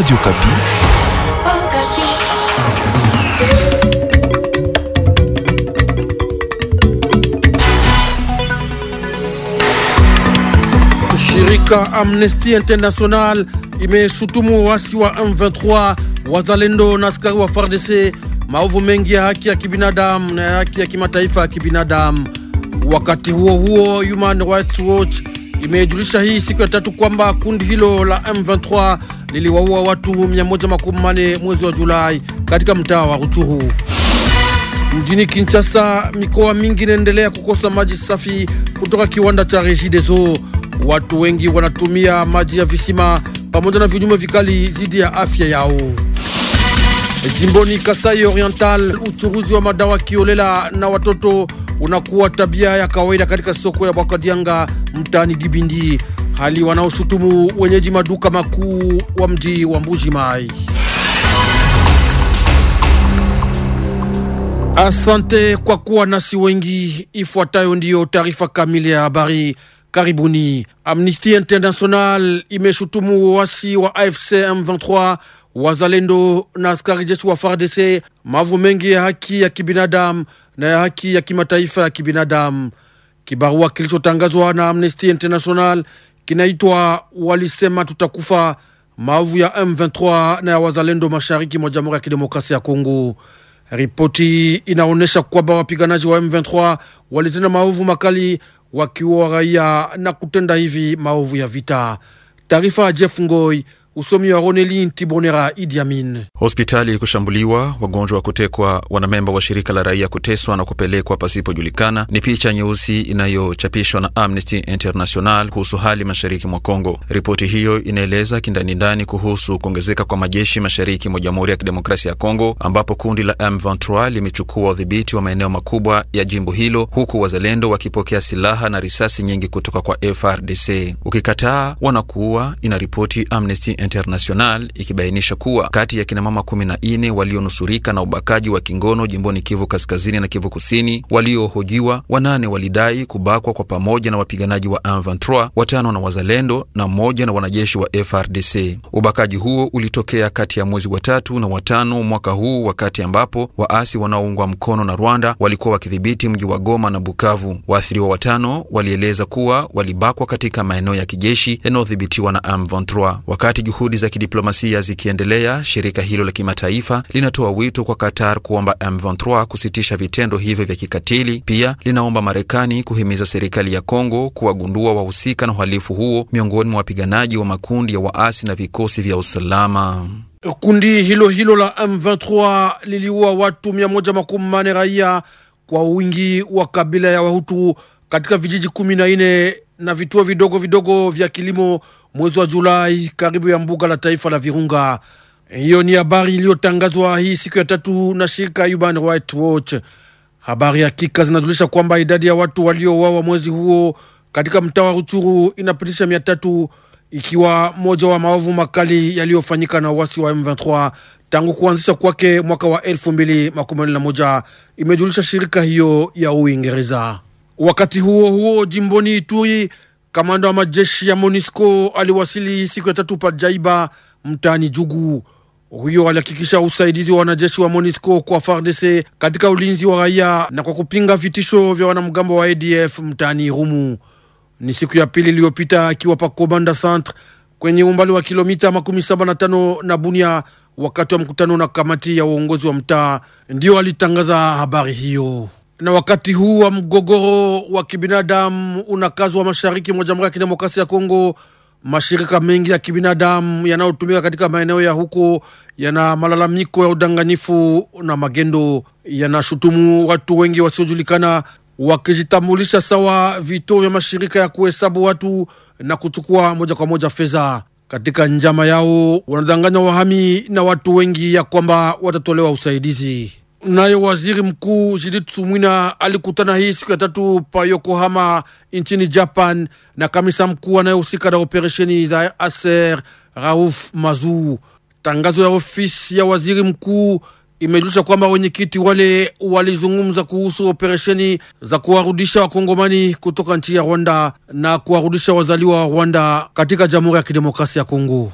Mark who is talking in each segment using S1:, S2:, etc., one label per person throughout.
S1: Radio Kapi. Oh, Kapi.
S2: Shirika Amnesty International imeshutumu uasi wa M23 wazalendo na askari wa FARDC maovu mengi ya haki ya kibinadamu na ya haki ya kimataifa ya kibinadamu. Wakati huo huo, Human Rights Watch imejulisha hii siku ya tatu kwamba kundi hilo la M23 liliwaua watu 180 mwezi wa Julai katika mtaa wa Ruchuru. Mjini Kinshasa, mikoa mingi inaendelea kukosa maji safi kutoka kiwanda cha Regideso. Watu wengi wanatumia maji ya visima pamoja na vinyume vikali dhidi ya afya yao. Jimboni Kasai Oriental, uchuruzi wa madawa kiolela na watoto unakuwa tabia ya kawaida katika soko ya Bwakadianga mtaani Dibindi, hali wanaoshutumu wenyeji maduka makuu wa mji wa Mbuji Mai. Asante kwa kuwa nasi wengi. Ifuatayo ndiyo taarifa kamili ya habari. Karibuni. Amnesty International imeshutumu uasi wa AFC M23 wazalendo na askari jeshi wa FARDC mavu mengi ya haki ya kibinadamu na ya haki ya kimataifa ya kibinadamu. Kibarua kilichotangazwa na Amnesty International kinaitwa walisema tutakufa maovu ya M23 na ya wazalendo mashariki mwa Jamhuri ya Kidemokrasia ya Kongo. Ripoti inaonyesha kwamba wapiganaji wa M23 walitenda maovu makali wakiwa raia na kutenda hivi maovu ya vita. Taarifa ya Jeff Ngoi Usomi wa Roneli Ntibonera Idi Amin.
S3: Hospitali kushambuliwa, wagonjwa wa kutekwa, wanamemba wa shirika la raia kuteswa na kupelekwa pasipojulikana ni picha nyeusi inayochapishwa na Amnesty International kuhusu hali mashariki mwa Kongo. Ripoti hiyo inaeleza kindanindani kuhusu kuongezeka kwa majeshi mashariki mwa Jamhuri ya Kidemokrasia ya Kongo, ambapo kundi la M23 limechukua udhibiti wa maeneo makubwa ya jimbo hilo, huku wazalendo wakipokea silaha na risasi nyingi kutoka kwa FRDC. Ukikataa wanakuua, inaripoti Amnesty International ikibainisha kuwa kati ya kinamama kumi na nne walionusurika na ubakaji wa kingono jimboni Kivu Kaskazini na Kivu Kusini, waliohojiwa wanane walidai kubakwa kwa pamoja na wapiganaji wa M23, watano na wazalendo na mmoja na wanajeshi wa FRDC. Ubakaji huo ulitokea kati ya mwezi wa tatu na watano mwaka huu, wakati ambapo waasi wanaoungwa mkono na Rwanda walikuwa wakidhibiti mji wa Goma na Bukavu. Waathiriwa watano walieleza kuwa walibakwa katika maeneo ya kijeshi yanayodhibitiwa na M23 wakati juhudi za kidiplomasia zikiendelea, shirika hilo la kimataifa linatoa wito kwa Qatar kuomba M23 kusitisha vitendo hivyo vya kikatili. Pia linaomba Marekani kuhimiza serikali ya Kongo kuwagundua wahusika na uhalifu huo miongoni mwa wapiganaji wa makundi ya waasi na vikosi vya usalama.
S2: Kundi hilo hilo la M23 liliua watu 1 raia kwa wingi wa kabila ya Wahutu katika vijiji 14 na vituo vidogo vidogo vya kilimo mwezi wa Julai karibu ya mbuga la taifa la Virunga. Hiyo ni habari iliyotangazwa hii siku ya tatu na shirika Human Rights Watch. Habari hakika zinajulisha kwamba idadi ya watu waliouawa mwezi huo katika mtaa wa Ruchuru inapitisha mia tatu ikiwa moja wa maovu makali yaliyofanyika na uasi wa M23 tangu kuanzisha kwake mwaka wa 2011 imejulisha shirika hiyo ya Uingereza. Wakati huo huo, jimboni Ituri Kamanda wa majeshi ya MONUSCO aliwasili siku ya tatu pa Jaiba mtaani Jugu. Huyo alihakikisha usaidizi wa wanajeshi wa MONUSCO kwa FARDC katika ulinzi wa raia na kwa kupinga vitisho vya wanamgambo wa ADF mtaani Rumu. Ni siku ya pili iliyopita akiwa pa Komanda Centre kwenye umbali wa kilomita makumi saba na tano na Bunia wakati wa mkutano na kamati ya uongozi wa mtaa, ndiyo alitangaza habari hiyo. Na wakati huu wa mgogoro wa kibinadamu unakazwa mashariki mwa Jamhuri ya Kidemokrasia ya Kongo, mashirika mengi ya kibinadamu yanayotumika katika maeneo ya huko yana malalamiko ya udanganyifu na magendo. Yanashutumu watu wengi wasiojulikana wakijitambulisha sawa vituo vya mashirika ya kuhesabu watu na kuchukua moja kwa moja fedha katika njama yao. Wanadanganya wahami na watu wengi ya kwamba watatolewa usaidizi. Naye waziri mkuu Judith Suminwa alikutana hii siku ya tatu pa Yokohama nchini Japan na kamisa mkuu anayehusika na operesheni za Aser Rauf Mazuu. Tangazo ya ofisi ya waziri mkuu imejulisha kwamba wenyekiti wale walizungumza kuhusu operesheni za kuwarudisha wakongomani kutoka nchi ya Rwanda na kuwarudisha wazaliwa wa Rwanda katika Jamhuri ya Kidemokrasia ya Kongo.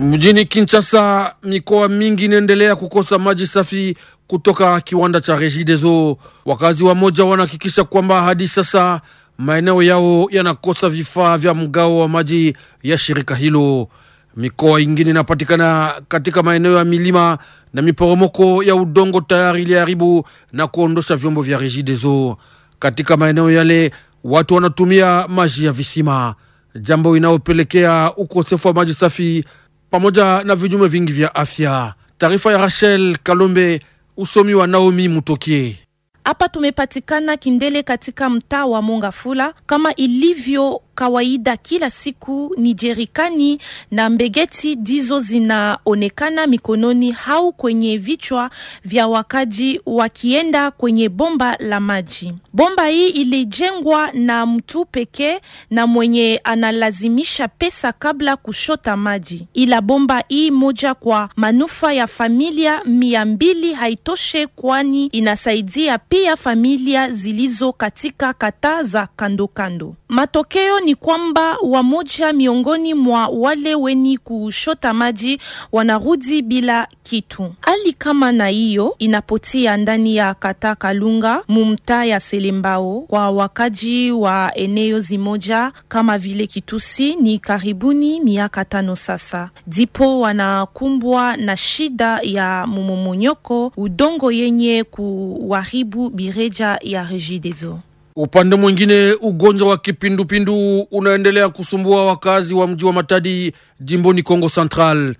S2: Mjini Kinshasa, mikoa mingi inaendelea kukosa maji safi kutoka kiwanda cha Regideso. Wakazi wa moja wanahakikisha kwamba hadi sasa maeneo yao yanakosa vifaa vya mgao wa maji ya shirika hilo. Mikoa ingine inapatikana katika maeneo ya milima na miporomoko ya udongo tayari iliharibu na kuondosha vyombo vya Regideso. Katika maeneo yale watu wanatumia maji ya visima, jambo inayopelekea ukosefu wa maji safi pamoja na vinyume vingi vya afya. Taarifa ya Rachel Kalombe, usomi wa Naomi Mutokie.
S4: Hapa tumepatikana Kindele katika mtaa wa Mongafula kama ilivyo kawaida kila siku ni jerikani na mbegeti ndizo zinaonekana mikononi au kwenye vichwa vya wakaji wakienda kwenye bomba la maji. Bomba hii ilijengwa na mtu pekee na mwenye analazimisha pesa kabla kushota maji, ila bomba hii moja kwa manufaa ya familia mia mbili haitoshe, kwani inasaidia pia familia zilizo katika kata za kandokando. Matokeo ni kwamba wamoja miongoni mwa wale weni kushota maji wanarudi bila kitu. Hali kama na hiyo inapotia ndani ya kata Kalunga mumta ya Selembao kwa wakaji wa eneo zimoja kama vile Kitusi ni karibuni miaka tano sasa, ndipo wanakumbwa na shida ya mumomonyoko udongo yenye kuwaribu mireja ya Regideso.
S2: Upande mwingine, ugonjwa wa kipindupindu unaendelea kusumbua wakazi wa mji wa Matadi jimboni Kongo Central.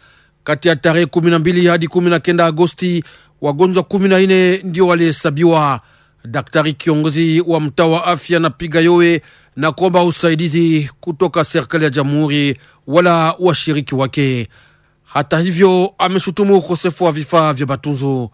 S2: Kati ya tarehe 12 hadi 19 Agosti, wagonjwa 14 ndio walihesabiwa. Daktari kiongozi wa mtaa wa afya na piga yowe na kuomba usaidizi kutoka serikali ya jamhuri wala washiriki wake. Hata hivyo, ameshutumu ukosefu wa vifaa vya matunzo.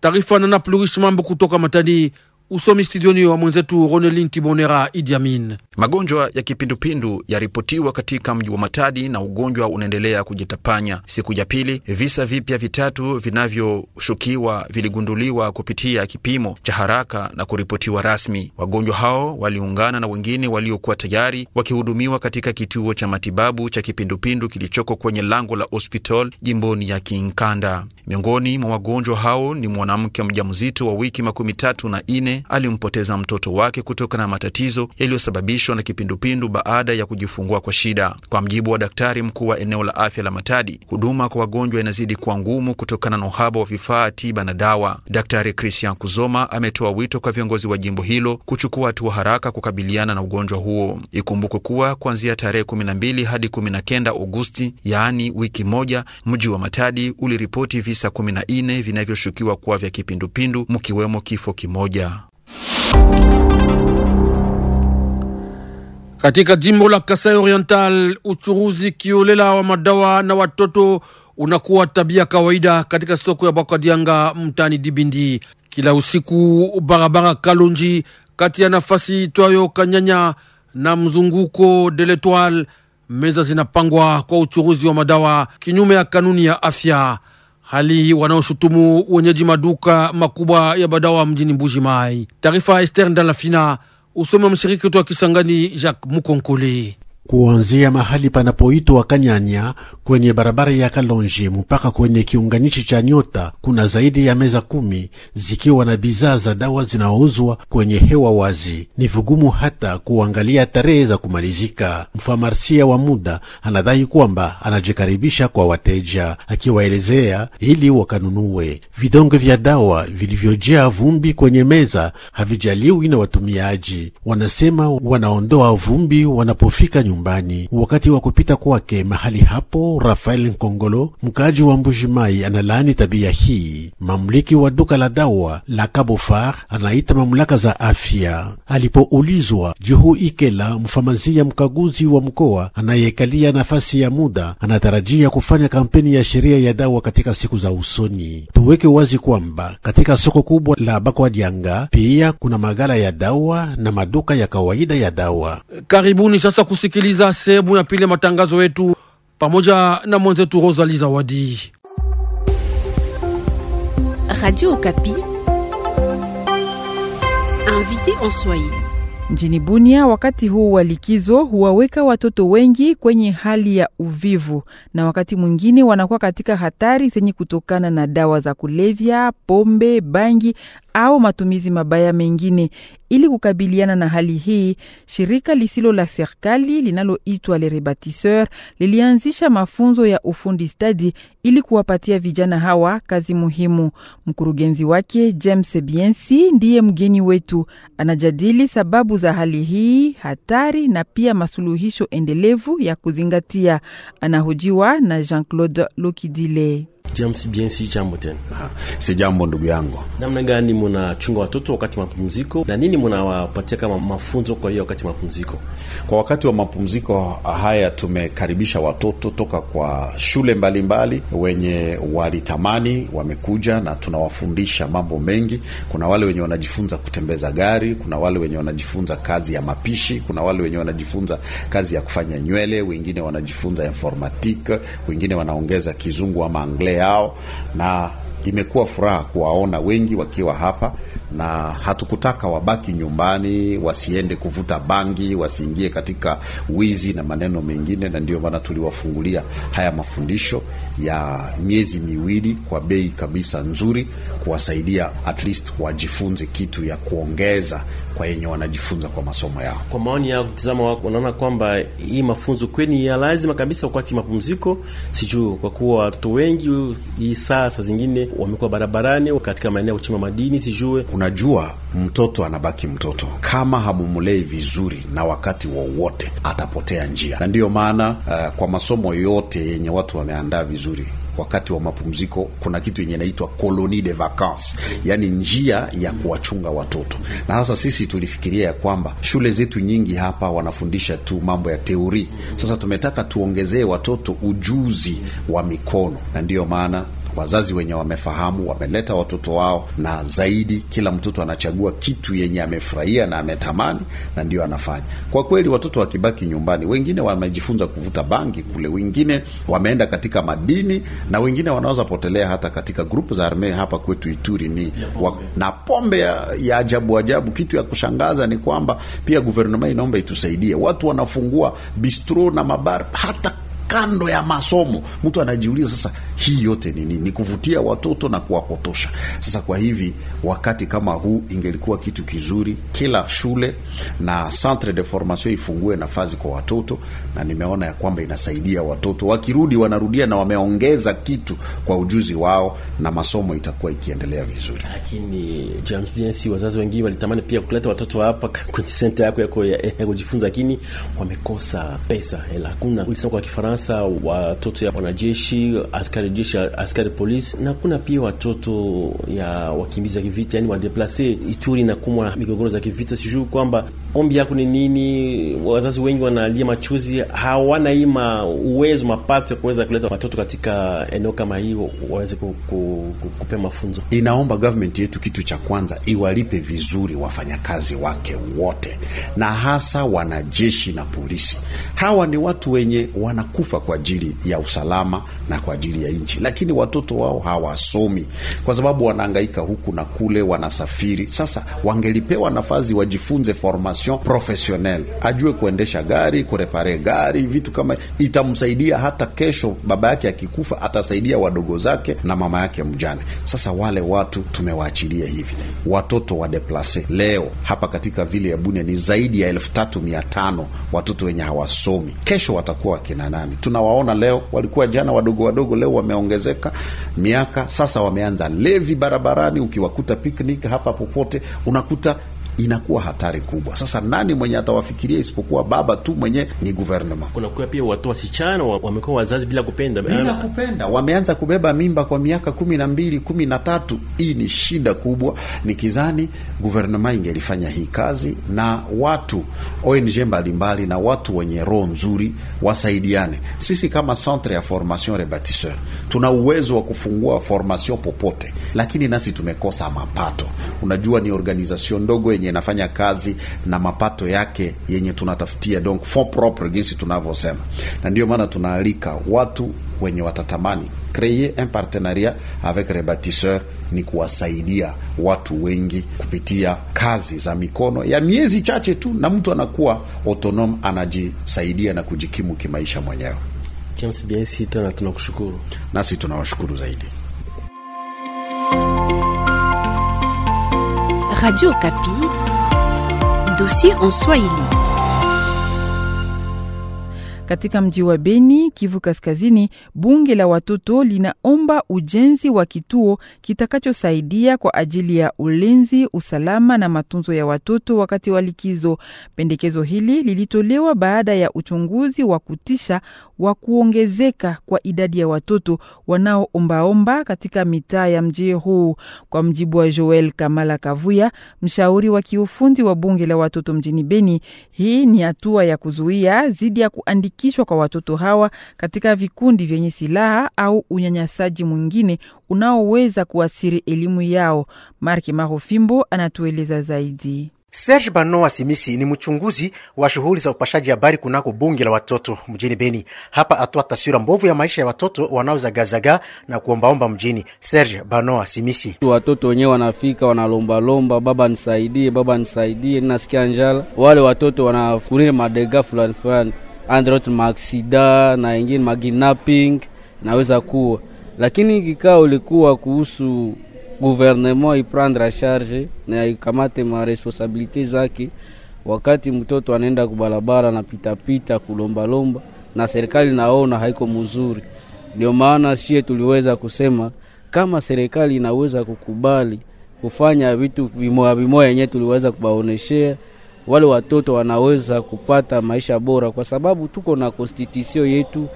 S2: Taarifa na Naplurish Mambo kutoka Matadi. Usomi studioni wa mwenzetu Ronelin Tibonera Idi Amin.
S3: Magonjwa ya kipindupindu yaripotiwa katika mji wa Matadi na ugonjwa unaendelea kujitapanya. Siku ya pili, visa vipya vitatu vinavyoshukiwa viligunduliwa kupitia kipimo cha haraka na kuripotiwa rasmi. Wagonjwa hao waliungana na wengine waliokuwa tayari wakihudumiwa katika kituo cha matibabu cha kipindupindu kilichoko kwenye lango la hospital jimboni ya Kinkanda. Miongoni mwa wagonjwa hao ni mwanamke mjamzito wa wiki makumi tatu na ine alimpoteza mtoto wake kutokana na matatizo yaliyosababishwa na kipindupindu baada ya kujifungua kwa shida. Kwa mjibu wa daktari mkuu wa eneo la afya la Matadi, huduma kwa wagonjwa inazidi kuwa ngumu kutokana na uhaba wa vifaa tiba na dawa. Daktari Christian Kuzoma ametoa wito kwa viongozi wa jimbo hilo kuchukua hatua haraka kukabiliana na ugonjwa huo. Ikumbukwe kuwa kuanzia tarehe 12 hadi 19 Agosti, yaani wiki moja, mji wa Matadi uliripoti visa 14 vinavyoshukiwa kuwa vya kipindupindu mkiwemo kifo kimoja. Katika jimbo la
S2: Kasai Oriental, uchuruzi kiolela wa madawa na watoto unakuwa tabia kawaida katika soko ya Bwakadianga mtani Dibindi. Kila usiku barabara Kalonji kati ya nafasi itwayo Kanyanya na mzunguko de l'Etoile, meza zinapangwa kwa uchuruzi wa madawa kinyume ya kanuni ya afya hali wanaoshutumu wenyeji maduka makubwa ya badawa mjini Mbuji Mai. Taarifa esther Ndalafina, usome mshiriki wetu wa Kisangani Jacques Mukonkoli
S1: kuanzia mahali panapoitwa Kanyanya kwenye barabara ya Kalonji mpaka kwenye kiunganishi cha Nyota, kuna zaidi ya meza kumi zikiwa na bidhaa za dawa zinaouzwa kwenye hewa wazi. Ni vigumu hata kuangalia tarehe za kumalizika. Mfamarsia wa muda anadai kwamba anajikaribisha kwa wateja, akiwaelezea ili wakanunue. Vidonge vya dawa vilivyojaa vumbi kwenye meza havijaliwi na watumiaji, wanasema wanaondoa vumbi wanapofika nyumbani nyumbani. Wakati wa kupita kwake mahali hapo, Rafael Nkongolo, mkaaji wa Mbujimai, analaani tabia hii. Mamliki wa duka la dawa la Kabofar anaita mamlaka za afya. Alipoulizwa, Juhu Ikela, mfamasia mkaguzi wa mkoa anayekalia nafasi ya muda, anatarajia kufanya kampeni ya sheria ya dawa katika siku za usoni. Tuweke wazi kwamba katika soko kubwa la Bakwadianga pia kuna magala ya dawa na maduka ya kawaida ya dawa. Karibuni sasa
S2: kusikiliza kusikiliza sehemu ya pili ya matangazo yetu pamoja na mwenzetu Rosali Zawadi.
S5: Radio Okapi
S4: invité en Swahili.
S5: Mjini Bunia wakati huu wa likizo huwaweka watoto wengi kwenye hali ya uvivu na wakati mwingine wanakuwa katika hatari zenye kutokana na dawa za kulevya, pombe, bangi au matumizi mabaya mengine. Ili kukabiliana na hali hii, shirika lisilo la serikali linaloitwa Le Rebatisseur lilianzisha mafunzo ya ufundi stadi ili kuwapatia vijana hawa kazi muhimu. Mkurugenzi wake James Biensi ndiye mgeni wetu, anajadili sababu za hali hii, hatari na pia masuluhisho endelevu ya kuzingatia. Anahojiwa na Jean-Claude Lokidile.
S6: James jambo tena.
S7: Ah, si jambo ndugu yangu.
S6: Namna gani mnachunga watoto wakati mapumziko na nini mnawapatia kama mafunzo? Kwa hiyo wakati wa mapumziko, kwa wakati wa mapumziko
S7: ah, haya tumekaribisha watoto toka kwa shule mbalimbali mbali, wenye walitamani wamekuja na tunawafundisha mambo mengi. Kuna wale wenye wanajifunza kutembeza gari, kuna wale wenye wanajifunza kazi ya mapishi, kuna wale wenye wanajifunza kazi ya kufanya nywele, wengine wanajifunza informatiki, wengine wanaongeza kizungu ama anglais yao, na imekuwa furaha kuwaona wengi wakiwa hapa na hatukutaka wabaki nyumbani, wasiende kuvuta bangi, wasiingie katika wizi na maneno mengine, na ndiyo maana tuliwafungulia haya mafundisho ya miezi miwili kwa bei kabisa nzuri, kuwasaidia at least wajifunze kitu ya kuongeza kwa yenye wanajifunza kwa masomo yao.
S6: Kwa maoni ya mtizamo wako, unaona kwamba hii mafunzo kweni ya lazima kabisa wakati mapumziko? Sijuu, kwa kuwa watoto wengi hii saa saa zingine wamekuwa barabarani katika maeneo ya kuchimba madini, sijue Unajua,
S7: mtoto anabaki mtoto kama hamumulei vizuri, na wakati wowote wa atapotea njia, na ndiyo maana uh, kwa masomo yote yenye watu wameandaa vizuri wakati wa mapumziko kuna kitu yenye inaitwa colonie de vacance yaani njia ya kuwachunga watoto. Na hasa sisi tulifikiria ya kwamba shule zetu nyingi hapa wanafundisha tu mambo ya teori. Sasa tumetaka tuongezee watoto ujuzi wa mikono, na ndiyo maana Wazazi wenye wamefahamu wameleta watoto wao, na zaidi, kila mtoto anachagua kitu yenye amefurahia na ametamani, na ndio anafanya. Kwa kweli, watoto wakibaki nyumbani, wengine wamejifunza kuvuta bangi kule, wengine wameenda katika madini, na wengine wanaweza potelea hata katika grupu za armee. Hapa kwetu Ituri ni wa, na pombe ya, ya ajabu ajabu. Kitu ya kushangaza ni kwamba pia guvernema inaomba itusaidie, watu wanafungua bistro na mabar hata kando ya masomo. Mtu anajiuliza sasa, hii yote ni nini? Ni kuvutia watoto na kuwapotosha. Sasa kwa hivi wakati kama huu, ingelikuwa kitu kizuri kila shule na centre de formation ifungue nafasi kwa watoto, na nimeona ya kwamba inasaidia watoto, wakirudi wanarudia na wameongeza kitu kwa ujuzi wao, na masomo itakuwa ikiendelea vizuri. Lakini James Jensi, wazazi wengine
S6: walitamani pia kuleta watoto hapa kwenye senta yako ya kujifunza, lakini wamekosa pesa, hela hakuna, ulisema kwa Kifaransa hasa watoto ya wanajeshi, askari jeshi, askari polisi, na kuna pia watoto ya wakimbizi za kivita, yani wadeplase. Ituri na kumwa migogoro za kivita, sijui kwamba ombi yako ni nini? Wazazi wengi wanalia machozi, hawana hii uwezo mapato ya kuweza kuleta watoto katika eneo kama hii
S7: waweze ku, ku, ku, kupea mafunzo. Inaomba government yetu kitu cha kwanza iwalipe vizuri wafanyakazi wake wote, na hasa wanajeshi na polisi. Hawa ni watu wenye wanakufa kwa ajili ya usalama na kwa ajili ya nchi, lakini watoto wao hawasomi kwa sababu wanaangaika huku na kule, wanasafiri. Sasa wangelipewa nafasi wajifunze formasi formation professionnel, ajue kuendesha gari, kurepare gari, vitu kama itamsaidia hata kesho baba yake akikufa, atasaidia wadogo zake na mama yake mjane. Sasa wale watu tumewaachilia hivi, watoto wa deplase leo hapa katika vile ya Bunia ni zaidi ya elfu tatu mia tano watoto wenye hawasomi, kesho watakuwa wakina nani? Tunawaona leo, walikuwa jana wadogo wadogo, leo wameongezeka miaka, sasa wameanza levi barabarani, ukiwakuta hapa popote unakuta inakuwa hatari kubwa. Sasa nani mwenye atawafikiria isipokuwa baba tu mwenye ni guvernema. Kunakuwa pia watu wasichana wamekuwa wazazi bila kupenda, bila kupenda, wameanza kubeba mimba kwa miaka kumi na mbili, kumi na tatu. Hii ni shida kubwa. ni kizani guvernema ingelifanya hii kazi na watu ONG mbalimbali na watu wenye roho nzuri wasaidiane. Sisi kama centre ya formation rebatisseur tuna uwezo wa kufungua formation popote, lakini nasi tumekosa mapato. Unajua ni organization ndogo yenye yenye inafanya kazi na mapato yake yenye tunatafutia, donc for proper jinsi tunavyosema, na ndio maana tunaalika watu wenye watatamani creer un partenariat avec bâtisseurs ni kuwasaidia watu wengi kupitia kazi za mikono ya miezi chache tu, na mtu anakuwa autonom anajisaidia na kujikimu kimaisha mwenyewe. James BNC, tena tunakushukuru. Nasi tunawashukuru zaidi.
S4: Radio Kapi
S5: dossier en Swahili. Katika mji wa Beni, Kivu Kaskazini, bunge la watoto linaomba ujenzi wa kituo kitakachosaidia kwa ajili ya ulinzi, usalama na matunzo ya watoto wakati wa likizo. Pendekezo hili lilitolewa baada ya uchunguzi wa kutisha wa kuongezeka kwa idadi ya watoto wanaoombaomba katika mitaa ya mji huu. Kwa mjibu wa Joel Kamala Kavuya, mshauri wa kiufundi wa bunge la watoto mjini Beni, hii ni hatua ya kuzuia zidi ya kuandika kuandikishwa kwa watoto hawa katika vikundi vyenye silaha au unyanyasaji mwingine unaoweza kuathiri elimu yao. Mark Marofimbo anatueleza zaidi.
S1: Serge Bano Asimisi ni mchunguzi wa shughuli za upashaji habari kunako bunge la watoto
S8: mjini Beni. Hapa atoa taswira mbovu ya maisha ya watoto wanaozagazaga na kuombaomba mjini. Serge Bano Asimisi: watoto wenyewe wanafika wanalombalomba, baba nisaidie, baba nisaidie, ninasikia njala. Wale watoto wanafurire madega fulani fulani androt maaksida na ingine makidnapping naweza kuwa, lakini kikao ulikuwa kuhusu gouvernement iprendre a charge na ikamate maresponsabilite zake, wakati mtoto anaenda kubarabara na pitapita kulombalomba na serikali naona haiko mzuri. Ndio maana sie tuliweza kusema kama serikali inaweza kukubali kufanya vitu vimoya vimoya yenyewe tuliweza kubaoneshea wale watoto wanaweza kupata maisha bora, kwa sababu tuko na konstitusio yetu,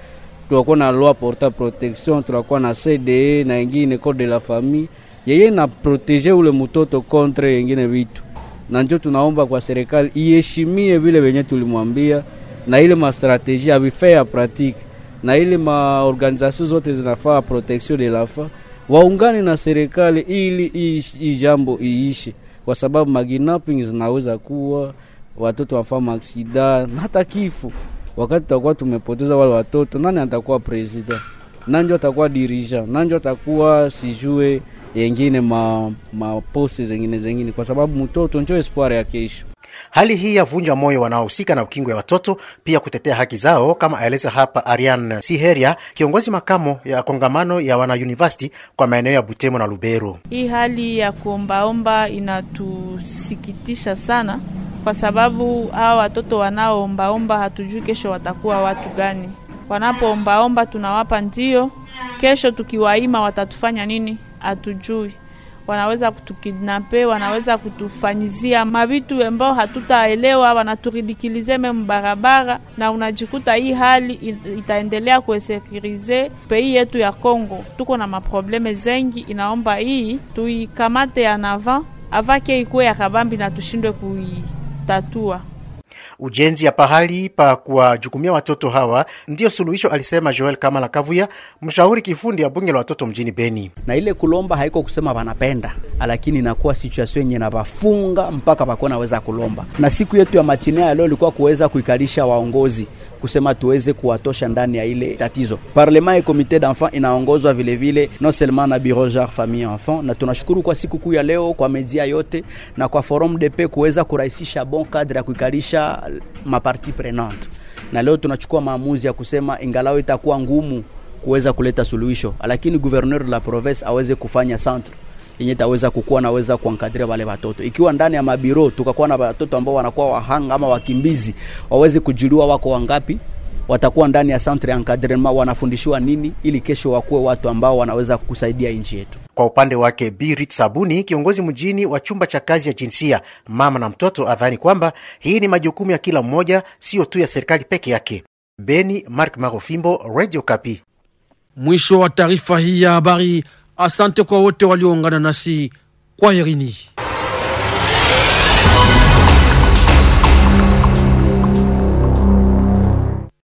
S8: tunakuwa na loi porta protection, tunakuwa na CDE na ingine code de la famille yeye na protege ule mtoto kontre yengine vitu, na njo tunaomba kwa serikali iheshimie vile wenye tulimwambia, na ile mastrategie avifee ya pratique na ile maorganizasio zote zinafaa protection de lafa waungane na serikali ili hii jambo iishe kwa sababu maginapping zinaweza kuwa watoto wafama aksida na hata kifo. Wakati tutakuwa tumepoteza wale watoto, nani atakuwa president? Nani atakuwa dirija? Nani atakuwa sijue yengine ma, ma poste zengine zengine, kwa sababu mtoto njo espoir ya kesho. Hali hii yavunja moyo wanaohusika na ukingwe ya watoto pia kutetea haki zao,
S1: kama aeleza hapa Arian Siheria, kiongozi makamo ya kongamano ya wana kwa maeneo ya Butembo na Lubero.
S4: Hii hali ya kuombaomba inatusikitisha sana kwa sababu hawa watoto wanaoombaomba hatujui kesho watakuwa watu gani. Wanapoombaomba tunawapa ndio, kesho tukiwaima watatufanya nini hatujui wanaweza kutukidnape, wanaweza kutufanyizia mavitu ambao hatutaelewa, wanaturidikilize memu barabara, na unajikuta hii hali itaendelea kuesekirize pei yetu ya Kongo. Tuko na maprobleme zengi, inaomba hii tuikamate ya nava avake ikuwe ya kabambi na tushindwe kuitatua
S1: ujenzi ya pahali pa kuwajukumia watoto
S8: hawa ndiyo suluhisho, alisema Joel Kamala Kavuya, mshauri kifundi ya bunge la watoto mjini Beni. Na ile kulomba haiko kusema wanapenda, lakini inakuwa situation yenye navafunga mpaka pakuwa naweza kulomba. Na siku yetu ya matinea ya leo ilikuwa kuweza kuikalisha waongozi kusema tuweze kuwatosha ndani ya ile tatizo. Parlement et comité d'enfant inaongozwa vilevile non seulement na bureau jar famille enfant, na tunashukuru kwa siku kuu ya leo kwa media yote na kwa forum de paix kuweza kurahisisha bon cadre ya kuikalisha maparti prenante, na leo tunachukua maamuzi ya kusema ingalao itakuwa ngumu kuweza kuleta suluhisho, lakini gouverneur de la province aweze kufanya centre yenye taweza kukua naweza kuankadiria wale watoto. Ikiwa ndani ya mabiro tukakuwa na watoto ambao wanakuwa wahanga ama wakimbizi, waweze kujuliwa wako wangapi, watakuwa ndani ya centre encadrement, wanafundishiwa nini ili kesho wakuwe watu ambao wanaweza kusaidia nchi yetu. Kwa upande wake Birit Sabuni, kiongozi mjini wa chumba cha kazi ya jinsia
S1: mama na mtoto, adhani kwamba hii ni majukumu ya kila mmoja, sio tu ya serikali peke yake.
S2: Beni, Mark Marofimbo, Radio Kapi. Mwisho wa taarifa hii ya habari. Asante kwa wote walioungana nasi. Kwaherini.